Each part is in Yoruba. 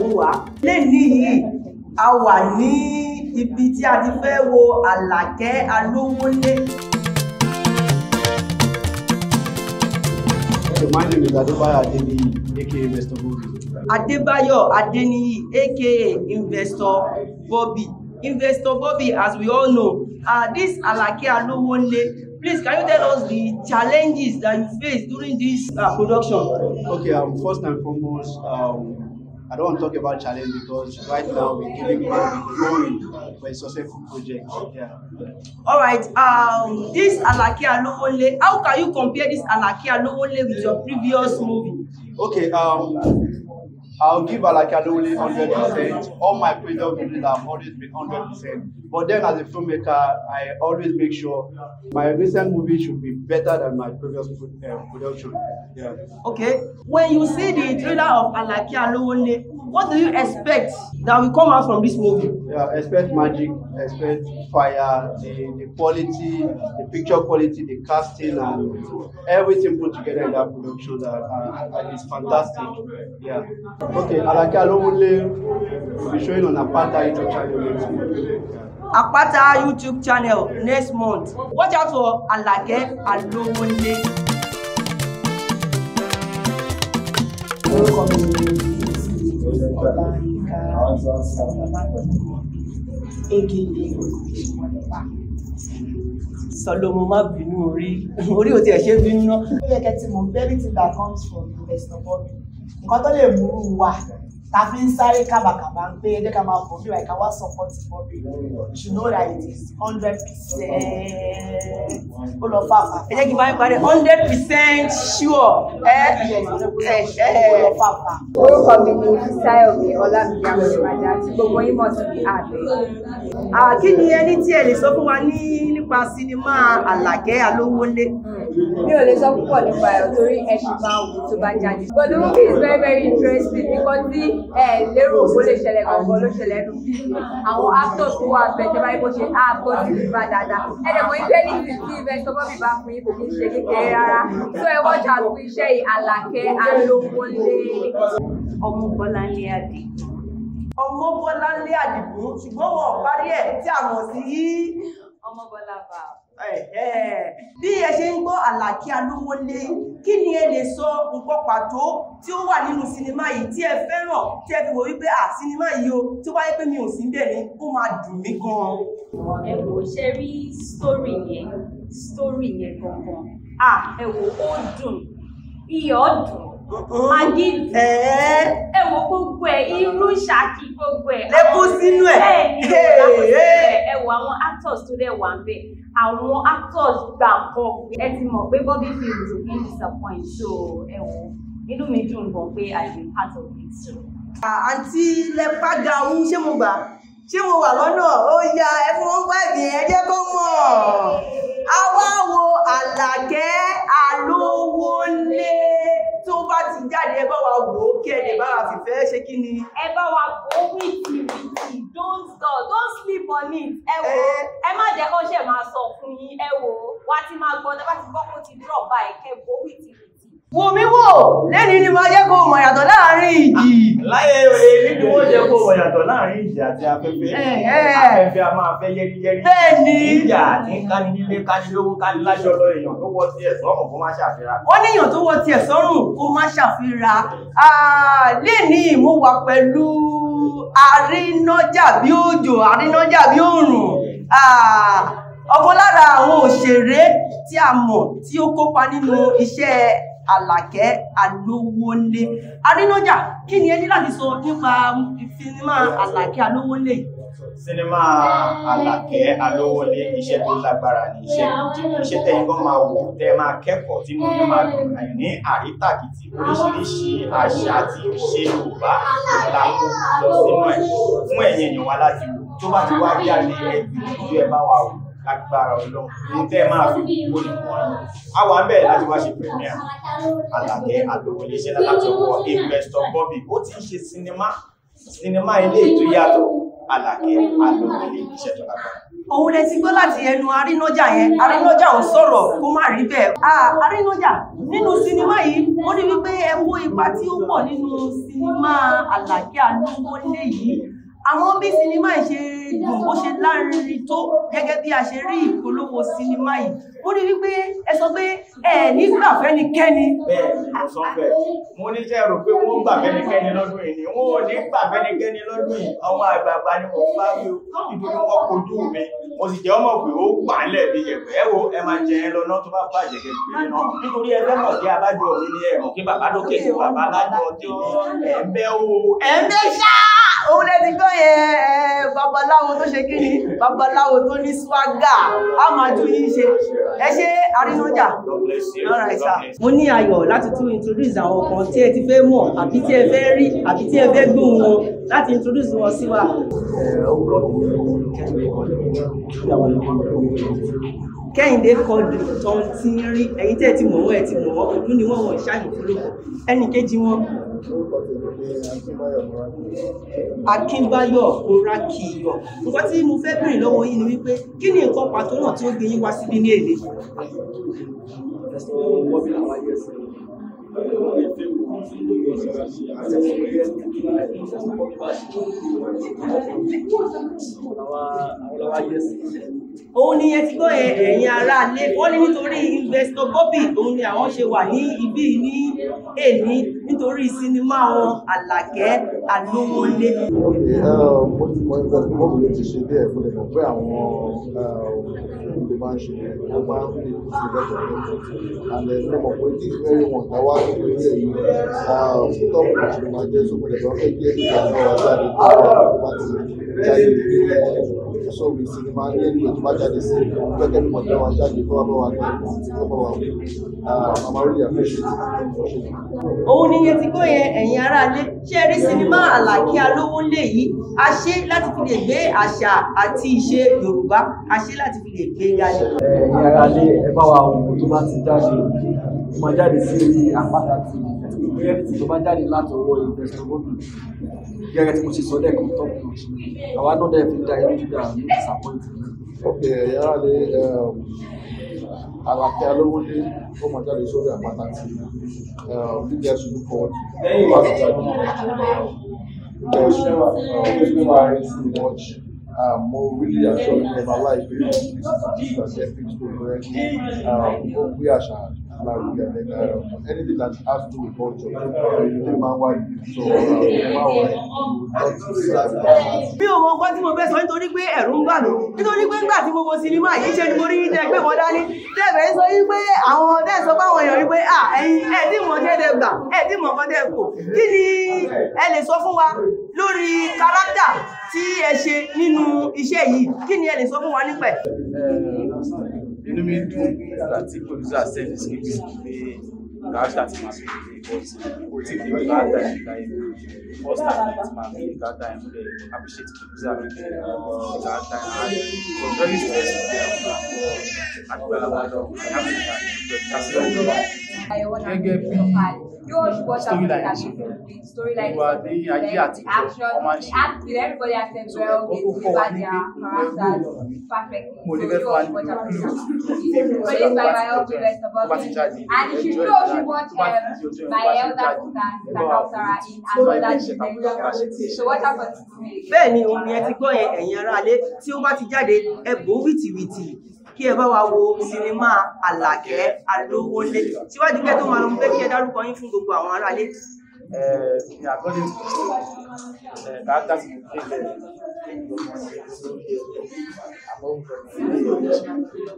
wò wá lẹ́ni yìí a wà ní ibi tí a ti fẹ́ wo Àlàkẹ́ Alówónlé. Ìmáyìlì Adébáyọ̀ aka Investor Bobby. Adébáyọ̀ Adéníyì aka Investor Bobby. Investor Bobby as we all know uh, this Àlàkẹ́ Alówónlé Please, can you tell us the challenges that you faced during this uh, production? Okay, um, first and foremost, um, I don't want to talk about challenge because right now we're giving money the glory for a successful project. Yeah. All right. Um, this Alake Alowole, how can you compare this Alake Alowole with your previous movie? Okay. Um, I'll give Alaka Lowly 100%. All my products release, have always been 100%. But then as a filmmaker, I always make sure my recent movie should be better than my previous uh, production. Yeah. Okay. When you see the trailer of Alaka Lowly, what do you expect that will come out from this movie? Yeah, I expect magic expect fire, the, the quality, the picture quality, the casting, and everything put together in that production that uh, uh is fantastic. Yeah. Okay, Alake Alowole will be showing on Apata YouTube channel next month. Apata YouTube channel next month. Watch out for Alake Alowole. Welcome. Sọlọmọ má bínú orí, orí ò tiẹ̀ ṣe bínú náà. Ó yẹ kẹ́ ti mọ̀ everything that comes from Investor Bobby. Nǹkan tó lè múrú wà ta fi ń sáré kábàkàbà ń pé ẹgbẹ́ ká máa bọ̀ bí wàá ká wá support for me you know that it is hundred percent ó lọ fà fà ẹ jẹ́ kí n bá yín parí hundred percent sure ẹ ẹ ẹ ó lọ fà fà. orúkọ mi ni Físáyọ̀mí Ọlámídé Amọ̀lẹ́màdé àti gbogbo yín mọ̀ sí àbẹ̀. kí ni ẹni tí ẹ lè sọ fún wa ní nípa sinimá Àlàkẹ́ Alówólé mi ò lè sọ púpọ̀ nípa ẹ̀ torí ẹ ṣì wù tó bá jáde. but the movie is very very interesting because tí ẹ lérò owó lè ṣẹlẹ̀ gbọ̀ngàn ló ṣẹlẹ̀ nù bí àwọn actors tó wà bẹ̀ tẹ́lá ibo ṣe á gbọ́ sí ìgbà dáadáa. ẹ dẹ̀ mọ̀ ife ní ti sí ibẹ̀ sọ́kọ́ mi bá fún yín kò kí ń ṣe kékeré rárá. tó ẹ wọ́n jà iṣẹ́ yìí Àlàkẹ́ Alówólé. ọmọ Bọ́lá ní adé ọmọ Bọ́lá ní Àdìgún ṣùgbọ́n wọn ò parí ẹ̀ tí a mọ̀ sí yí. ọmọ Bọ́lá bàbá bí ẹ ṣe ń gbọ́ àlàkí alówólé kí ni ẹ lè sọ nǹkan pàtó tí ó wà nínú sinimá yìí tí ẹ fẹ́ràn tí ẹ fi wò wípé à sinimá yìí o tí wáyé pé mi ò sí bẹ́ẹ̀ ni ó máa dùn mí gan-an. ẹ wò ṣe rí sítórì yẹn sítórì yẹn gangan à ẹ wò ó dùn iyọ̀ dùn magi dùn ẹ wò gbogbo ẹ irú ṣáàkì gbogbo ẹ. lẹ́kún sínú ẹ̀ ẹ wò àwọn actors tó dẹ̀ wà ń bẹ̀ àwọn actors gbà kan ẹ ti mọ̀ pé bobby films kì í disappoint so ẹ wò inú mi dùn gan pé i be part of it. Ah, àǹtí lẹ́pà ga ohun ṣé mo gbà ṣé mo wà lọ́nà ó ya ẹ fún ẹ jẹ́ kó mọ̀ a wá wo àlàkẹ́ àlówólé jáde ẹ bá wa wò ó kí ẹ bá wa fìfẹ́ ṣe kí ni. ẹ bá wa wò ó wìtì wìtì don't go don't sleep on it ẹ wò ó eh. ẹ má jẹ́ kó ṣe máa sọ fún yín ẹ wò ó wá ti máa gbọ́ bá ti gbọ́ kó ti drop by kẹ́ wò ó wìtì wò mí wò lẹ́ni ni máa jẹ́ kó mọ̀ yàtọ̀ láàrin ìjì. Ah, láyé èmi ni wọ́n jẹ́ kó mọ̀ yàtọ̀ láàrin ìjì àti afẹ́fẹ́ eh, eh. afẹ́fẹ́ a máa fẹ́ yẹ́rìyẹ́rì. bẹ́ẹ̀ni ìjà àti kánilé kánilówó kániláṣọ lọ èèyàn tó wọ tiẹ̀ sọ́rùn kó má ṣàfihàn. wọ́n níyàn tó wọ tiẹ̀ sọ́rùn kó má ṣàfihàn ah, lẹ́ni mo wà pẹ̀lú arínájà bí òjò arínájà bí òrùn ah, àlàkẹ́ alówólé arínájà kí ni ẹ ní láti sọ nípa sinimá àlàkẹ́ alówólé yìí sinimá Àlàkẹ́ Alówólé iṣẹ́ tó lágbára ní iṣẹ́ iṣẹ́ tẹ́yìn gan máa wò tẹ́ máa kẹ́kọ̀ọ́ tí mo ní máa dùn àyè ní àrítàkìtì oríṣiríṣi àṣà àti ìṣe Yorùbá la kó lọ sínú ẹ̀ fún ẹ̀yin èèyàn wa láti wò tó bá ti wá jáde ẹ̀dùn ojú ẹ̀ bá wa wò agbára ọlọ́run ní tẹ́ máa fi gbogbo nìkan a wà ń bẹ̀rẹ̀ láti wá ṣe premier àlàkẹ́ àlòkò iléeṣẹ́ láti ọwọ́ investor Bobby ó ti ń ṣe sinimá sinimá ilé ètò yàtọ̀ àlàkẹ́ àlòkò iléeṣẹ́ tó lágbára. òun lè ti gbọ́ láti ẹnu arínájà yẹn arínájà ò sọ̀rọ̀ kó má rí bẹ́ẹ̀. arínájà nínú sinimá yìí ó ní wípé ẹ kó ipa tí ó pọ̀ nínú sinimá àlàkẹ́ àlòkò yìí àwọn bí sinimá ìṣe dùn bó ṣe lárinrin tó gẹ́gẹ́ bí a ṣe rí ìpolówó sinimá yìí ó rí wípé ẹ sọ pé ẹ nígbà fẹ́nikẹ́ni. bẹ́ẹ̀ ni mo sọ bẹ́ẹ̀ mo ní jẹ́ rò pé wọ́n gbà fẹ́nikẹ́ni lọ́dún yìí ni wọ́n ò ní gbà fẹ́nikẹ́ni lọ́dún yìí ọmọ àgbààgbà ni mo bá rí o nítorí wọ́n kojú mi mo sì jẹ́ ọmọ pé ó pàálẹ̀ bí yẹ̀pẹ̀ ẹ wo ẹ máa jẹ ẹ lọ náà tó bá bàjẹ́ kẹ́kẹ́ e náà òun lè ti gbọ́ yẹn babaláwo tó ṣe kíni babaláwo tó ní swaga a máa tún yín ṣe ẹ ṣe àrínájà mo ní ayọ̀ láti tún introduce àwọn kan tí ẹ ti fẹ́ mọ̀ àbí tí ẹ fẹ́ rí àbí tí ẹ fẹ́ gbóhùn wọn láti introduce wọn sí wa kẹ́hìndé kọlù tó ń ti rí ẹ̀yin tẹ́ ti mọ̀ wọ́n ẹ̀ ti mọ̀ wọ́n òdú ni wọ́n wọ̀ ṣáàyè fúlùkọ́ ẹnì kejì wọn. akínbáyọ̀ orakiyọ̀ nǹkan tí mo fẹ́ bèrè lọ́wọ́ yín ni wípé kí ni nǹkan pàtó náà tí ó gbé yín wá síbí ní èlé. Àwọn àwọn ayé sí òun ni ẹ ti gbọ́ ẹ̀yin ará wọ́n ní nítorí investor Bobby òun ni àwọn ṣe wà ní ibí ní èní nítorí sinimá wọn Àlàkẹ́ Àlówólé. Um, mo ti mọ investor Bobby ti ṣe bí ẹ̀kọ́ lè mọ̀ pé àwọn um, olùdó máa ń ṣe ó máa ń lè fi lọ́jọ́ lẹ́kọ̀ọ́ and mo mọ̀ pé kí mary wọn dá wá nítorí ẹ̀yìn um, tọ́pù ìṣòro máa jẹ́ sókòlẹ̀ lọ́kẹ́ jẹ́ ìgbà náà wá jáde ojú sóòrè sí ni máa ń lẹ́nu ètò bá jáde sí gbẹ́kẹ̀lé mọ̀tẹ́ wa jáde tó wá bá wa gbà tí tó bá wa wí ah, màmá orí àfẹ́ṣe. òun ni yẹn ti kó yẹn ẹ̀yin aráalé ṣé rí sinimá àlàkí alówó lè yìí a ṣe láti fi lè gbé àṣà àti ìṣe yorùbá a ṣe láti fi lè gbé jáde. ẹ̀yin aráalé ẹ bá wa ohun tó bá ti jáde ó sí orí àpáta tv ìgbéyàwó tó bá jáde láti ọwọ́ gẹ́gẹ́ tí mo ṣe sọ lẹ́ẹ̀kan tó kù àwa náà dẹ̀ fi da ẹni tó dára ní disappoint. ok yàrá lè eh, àlàkẹ́ alówó dé ó mọ̀ jáde sórí àpáta tí lílẹ̀ ṣubú kọ́ lẹ́yìn wà lọ́jà ní lílẹ̀ ṣubú lílẹ̀ wà ní wọ́ọ̀ṣì. Um, mo really assure you in my life, this is a perfect program. Um, we are shy lárugẹ ẹ̀ka anything that has to do with culture ló máa wá yìí sọ máa wọ ẹ̀ tí mo fẹ́ sọ nítorí pé ẹ̀rù ń bà mí nítorí pé nígbà tí mo sinimá yìí ṣe ni mo rí tẹ pé wọ́n dání tẹ̀bẹ̀ sọ yí pé àwọn tẹ̀ sọ pé èèyàn rí pé à ẹ̀yin ẹ̀ mọ̀ tẹ́ gbà ẹ̀ mọ̀ kọ́ kò kí ni ẹ lè sọ fún wa lórí kárátà tí ẹ ṣe nínú iṣẹ́ yìí kí ni ẹ lè sọ fún wa nípa ẹ̀. inú nígbà tí producer send script pé káàtà ti máa sọ̀rọ̀ pé but tí ì fi káàtà ẹ̀ ká ẹ̀ first time ti máa fi káàtà ẹ̀ múlẹ̀ appreciate producer mi pé káàtà ẹ̀ was very stressful there for àgbàlagbà lọ àgbàlagbà lọ àyẹ̀wò náà gẹ́gẹ́ bí storyline ìwà ní ayé àtijọ́ ọmọ ṣe so ó kó fọ́ wa ní pé mo lè fẹ́ fún wa ní blue so that bá ti jáde ẹjọ́ ìjà bá ti um, di ojú ẹ̀ bá ṣe jáde ẹgbẹ́ wa fún wa ní ìṣẹ̀ká bá ṣe ti ṣe. bẹ́ẹ̀ ni omi ẹ ti gbọ́ yẹn ẹ̀yin ará alẹ́ tí ó bá ti jáde ẹ bò ó wìtìwìtì kí ẹ bá wa wo sinimá Àlàkẹ́ Alówónlé síwájú kẹ́ tó máa lọ mo fẹ́ kí ẹ dárúkọ yín fún gbogbo àwọn aráalé. Ní àkọ́lé káàkiri sí ilẹ̀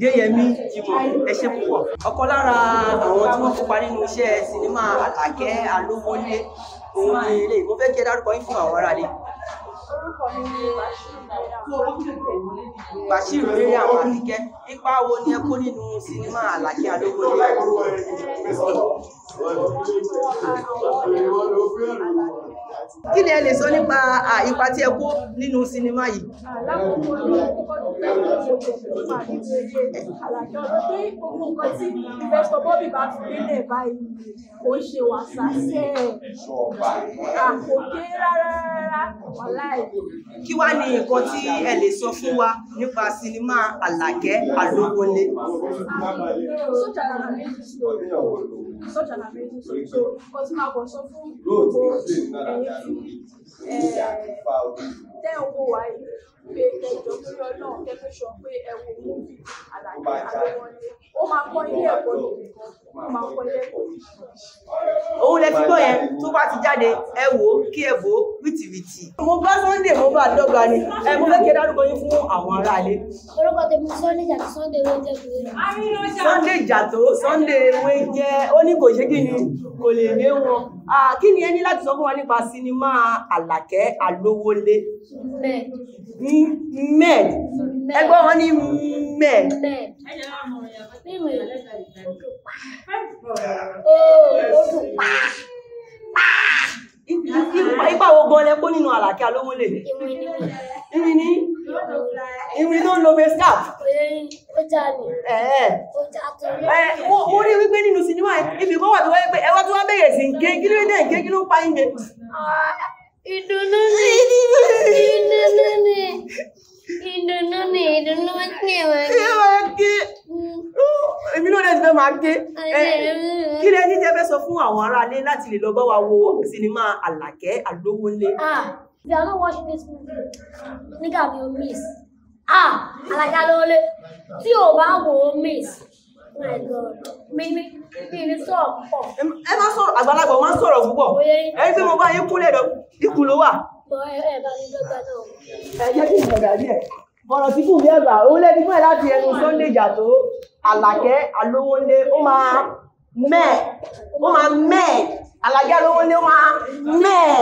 Déyẹmí Jimoh ẹ ṣé púpọ̀. Ọ̀kan lára àwọn tí wọ́n kópa nínú iṣẹ́ sinimá Àlàkẹ́ Alówónlé òun ni eré. Mo fẹ́ kí ẹ dárúkọ yín fún àwọn aráalé orúkọ mi ni Bashir Rere àwọn àtikẹ́ ipa wo ni ẹ kó nínú sinimá Àlàkí Adógún ní kí ni ẹ lè sọ nípa ipa tí ẹ kó nínú sinimá yìí. alákòókò ló ń kọ́ dúpẹ́ nípa ìbéèrè àlàjọ ló pé ohun nǹkan tí investor Bobby bá fi nílẹ̀ báyìí kò ń ṣe wàsá sí ẹ̀ àkókè rárá rárá wàláì. kí wàá ní nǹkan tí ẹ lè sọ fún wa nípa sinimá Àlàkẹ́ Àlówólé such an amazing story so kò tí máa bọ̀ sọ fún gbogbo ẹ̀yin tí eh, tẹ́ ẹ̀ wò wá yìí pé ẹjọ́ lórí ọlọ́run kẹ́kẹ́ sọ pé ẹ wo mú àlàyé òun lè fi gbọ́ yẹn tó bá ti jáde ẹ wò ó kí ẹ wò ó wìtìwìtì. mo bá Sunday mo bá dọ́gba ni ẹ mo fẹ́ kí ẹ dárúkọ yín fún àwọn aráalé. orúkọ tèmi Sunday Jàtó Sunday Wéjẹ kò lè. Sunday Jàtó Sunday Wéjẹ ó ní kò ṣe kí ni kò lè ré wọn kí ni ẹni láti sọ fún wa nípa sinimá àlàkẹ́ alówólé med ẹgbọ́n wọn ní med. ó dùn pa ipa ogun ọlẹ kó nínú àlàkí alómúlè ìrìn ní ìrìn ló ń lo face cap. mo rí wípé nínú sinimá ibi kan wà tó wáyé pé ẹwà tó wá bẹ̀rẹ̀ sí nké kí ló dé nké kí ló pa ìyẹn. ìdùnnú ni ìdùnnú ni èmi ló dẹ̀ ti fẹ́ máa gé kí lẹ ní jẹ́ fẹ́ sọ fún àwọn aráalé láti lè lọ bá wa wo sinimá Àlàkẹ́ Àlówólé. Ah, if you are not watching this movie, nígbà mi ò miss. Ah, Àlàkẹ́ Àlówólé, tí o bá wò ó miss. Oh my God, mi mi mi ní sọ̀rọ̀ pọ̀. Ẹ má sọ̀rọ̀ àgbàlagbà, má sọ̀rọ̀ púpọ̀. Ẹ rí pé mo bá yín kúnlẹ̀ lọ, ikùn ló wà ẹ jẹ́ kí n sọ̀rọ̀ àdí ẹ̀ bọ̀rọ̀ tí kù bí ẹ̀gbà òun lẹ́ni fún ẹ láti ẹnu Sunday Ìjàtò Àlàkẹ́ Alówóndé ó máa mẹ́ ó máa mẹ́ Àlàkẹ́ Alówóndé ó máa mẹ́.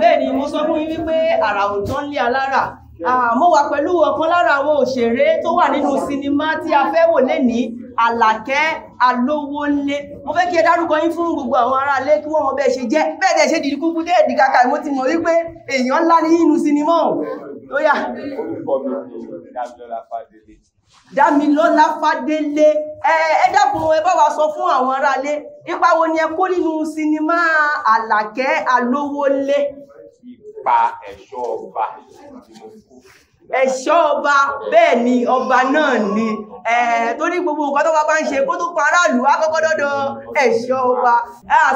bẹ́ẹ̀ ni mo sọ fún yín wípé àrà òótọ́ ń lé alára mo wà pẹ̀lú ọ̀kan lára àwọn òṣèré tó wà nínú sinimá tí a fẹ́ wò lénìí àlàkẹ́ alówólé mo fẹ́ kí ẹ dárúkọ yín fún gbogbo àwọn ará ilé kí wọ́n mọ bẹ́ẹ̀ ṣe jẹ́ bẹ́ẹ̀ dẹ̀ ṣe dìdí kúkú dé ẹ̀dì kàkà mo ti mọ̀ wípé èèyàn ńlá ní inú sinimá ò tó yà. Dámilọ́lá Fádélé ẹ dákun ẹ bá wa sọ fún àwọn ará ilé ipa wo ni ẹ kó nínú sinimá àlàkẹ́ alówólé. ipa ẹ̀ṣọ́ ọba ni mo kó ẹ̀ṣọ́ ọba bẹ́ẹ̀ ni ọba náà ni torí gbogbo nǹkan tó bá bá ń ṣe kó tó pa aráàlú wá kọ́kọ́ dọ́dọ̀ ẹ̀ṣọ́ ọba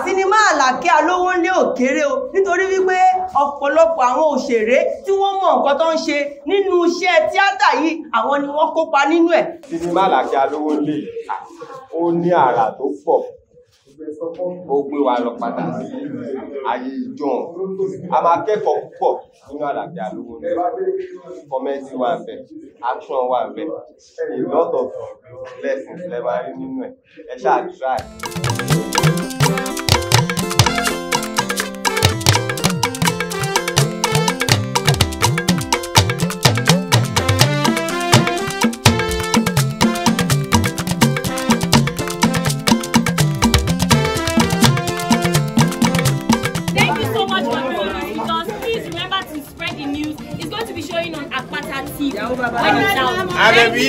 sinimá àlàkẹ́ alówó ńlé òkèrè o nítorí wípé ọ̀pọ̀lọpọ̀ àwọn òṣèré tí wọ́n mọ nǹkan tó ń ṣe nínú iṣẹ́ tíátà yìí àwọn ni wọ́n kópa nínú ẹ̀. sinimá àlàkẹ́ alówó ńlé ó ní àrà tó pọ̀ ó gbé wa lọ padà ayé ìjọ́un a máa kẹ́kọ̀ọ́ púpọ̀ nínú àlàkí àlówó rẹ̀ kọ́mẹ́ntì wà ń action wà ń a lot of lessons lẹ́wọ̀n nínú ẹ̀ ẹ ṣáà try. àbẹ̀bí.